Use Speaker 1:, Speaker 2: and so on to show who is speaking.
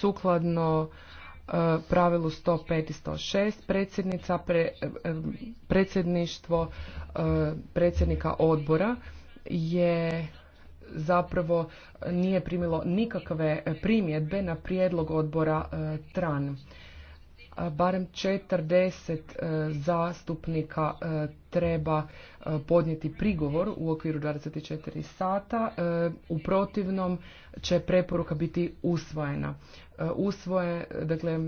Speaker 1: sukladno e, pravilu 105 i 106 predsjednica, e, e, predsjedništvo predsjednika odbora je zapravo nije primilo nikakve primjedbe na prijedlog odbora TRAN barem 40 e, zastupnika e, treba e, podnijeti prigovor u okviru 24 sata. U protivnom će preporuka biti usvojena. Usvoje, dakle,